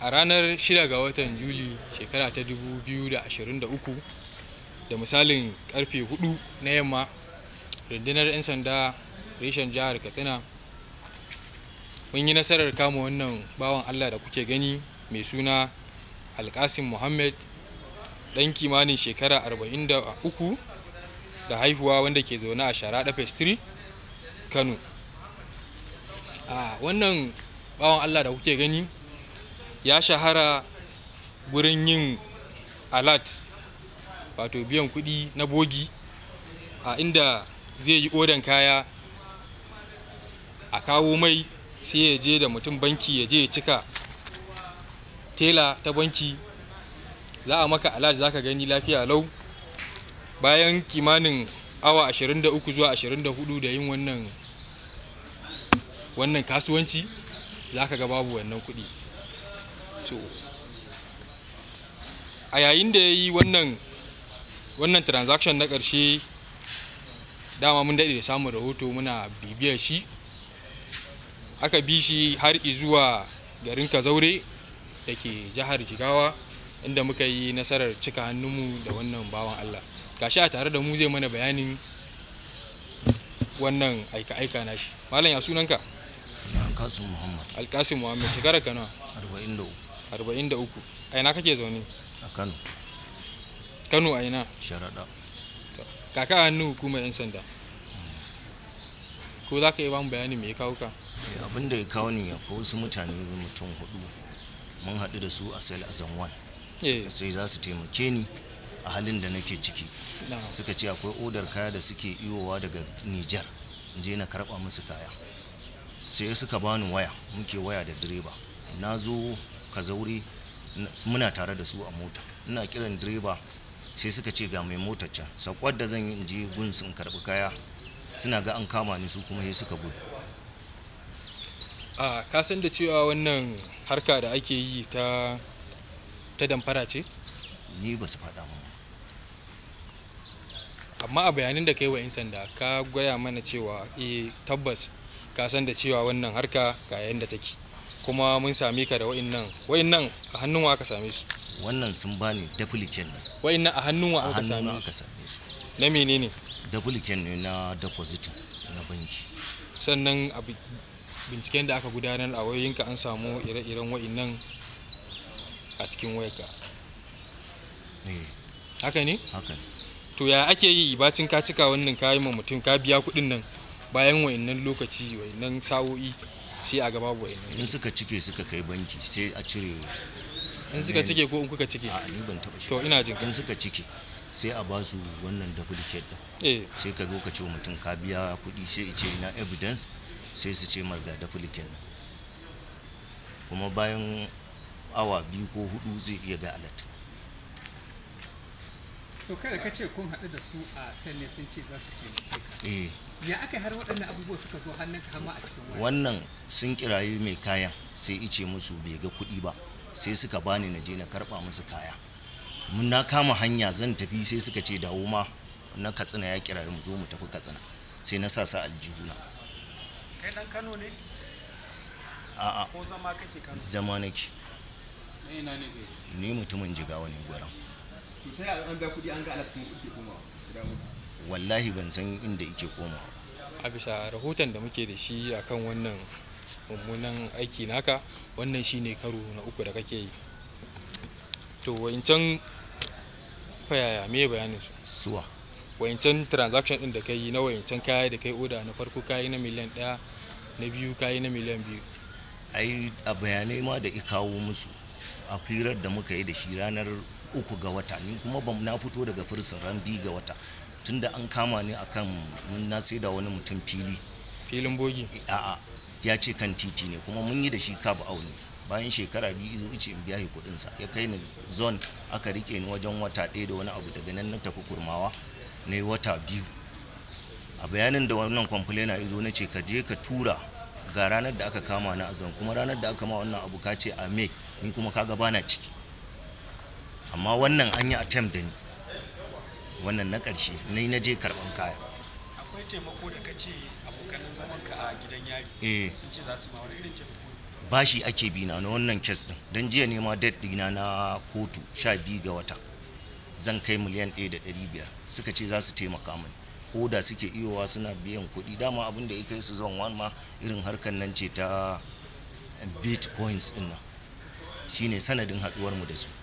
a ranar 6 ga watan juli shekara ta 2023 da misalin karfe 4 na yamma rundunar 'yan sanda reshen jihar katsina mun yi nasarar kama wannan bawan allah da kuke gani mai suna alkasim muhammad dan kimanin shekara 43 da haihuwa wanda ke zaune a sharaɗa pastry kano a wannan bawan allah da kuke gani ya shahara gurin yin alat wato biyan kudi na bogi a inda zai yi odan kaya a kawo mai sai ya je da mutum banki ya je ya cika tela ta banki za a maka alat za ka gani lafiya lau bayan kimanin awa 23 zuwa 24 da yin wannan wannan kasuwanci za ka ga babu wannan kudi. wato a yayin da ya yi wannan wannan transaction na ƙarshe dama mun daɗe da samun rahoto muna bibiyar shi aka bi shi har zuwa garin kazaure da ke jihar jigawa inda muka yi nasarar cika hannunmu da wannan bawan allah gashi a tare da mu zai mana bayanin wannan aika-aika na shi malam ya sunanka alkasim muhammad alkasim muhammad shekarar kana 43 arba'in da uku a ina kake zaune a kano kano a ina sharaɗa kaka a hannu hukumar 'yan sanda ko za ka yi ba bayani mai kawo ka eh, abin da ya kawo ni akwai wasu mutane mutum hudu mun haɗu da su a sel a zanwan eh. sai za su taimake ni a halin da nake ciki suka ce akwai odar kaya da suke iwowa daga nijar je na karɓa musu kaya sai suka bani waya muke waya da direba na zo ka zaure muna tare da su a mota ina kiran direba sai suka ce ga mai motar can sakwar da zan yi je gun sun karɓi kaya suna ga an kama ni su kuma sai suka gudu a ka san da cewa wannan harka da ake yi ta ta damfara ce ni ba su faɗa mun amma a bayanin da kai wa 'yan sanda ka gwaya mana cewa eh tabbas ka san da cewa wannan harka ga yadda take kuma mun sami ka da wa'annan wa'annan a hannun wa aka same su wannan sun bani double ken nan wa'annan a hannun wa aka same su na menene double ken ne na deposit na banki sannan a binciken da aka gudanar a wayoyinka an samu ire-iren wa'annan a cikin wayarka eh. haka ne haka ne to ya ake yi bacin ka cika wannan kayan mutum ka biya kuɗin nan bayan wa'annan lokaci wa'annan sa'o'i sai a gaba bu in suka cike suka kai banki sai a cire in suka cike ko in kuka cike a ni ban taba shi to ina jin in suka cike sai a basu wannan duplicate din eh. sai ka zo ka ce mutum ka biya kuɗi sai ce na evidence sai su ce marga duplicate nan kuma bayan awa biyu ko hudu zai iya ga alert to kada ka ce kun haɗu da su a sanne sun ce za su ce ka eh. ya aka har wadannan abubuwa suka zo hannun ka hama a cikin wannan sun kirayi mai kayan sai ice musu bai ga kuɗi ba sai suka bani na je na karɓa musu kaya mun na kama hanya zan tafi sai suka ce dawo ma na katsina ya kirayi mu zo mu tafi katsina sai na sa sa aljihuna kai dan kano ne a'a ko zama kake kano zama nake ne ne ne mutumin jigawa ne gwaran wallahi ban san inda yake komawa a bisa rahoton da muke da shi akan wannan mummunan aiki naka wannan shine karo na uku da kake yi to wancan fayaya me bayanin su suwa wancan transaction din da kai yi na wancan kaya da kai oda na farko kayi na miliyan ɗaya na biyu kayi na miliyan biyu ai a bayanai ma da ikawo musu a firar da muka yi da shi ranar uku ga wata ni kuma ba na fito daga firsin ran bi ga wata tunda an kama ni akan mun na sai da wani mutum fili filin bogi a'a ya ce kan titi ne kuma mun yi da shi kabu auni bayan shekara biyu izo ice in biya kuɗin sa ya kai ni zon aka rike ni wajen wata ɗaya da wani abu daga nan na tafi kurmawa ne wata biyu a bayanin da wannan kwamfulena izo na ce ka je ka tura ga ranar da aka kama na azan kuma ranar da aka ma wannan abu ka ce a me ni kuma kaga bana ciki amma wannan an yi attempt da ni wannan na ƙarshe na na je karɓan kaya akwai taimako da ka ce abokanin zaman ka a gidan yari eh. sun ce za su ma wani irin taimako bashi ake bi na wannan kes din don jiya nema ma dina na kotu sha biyu ga wata zan kai miliyan ɗaya da ɗari biyar suka ce za su taimaka ko da suke iyowa suna biyan kuɗi dama abin da ya kai su zon wani ma irin harkar nan ce ta bitcoins din nan shine sanadin haɗuwar mu da su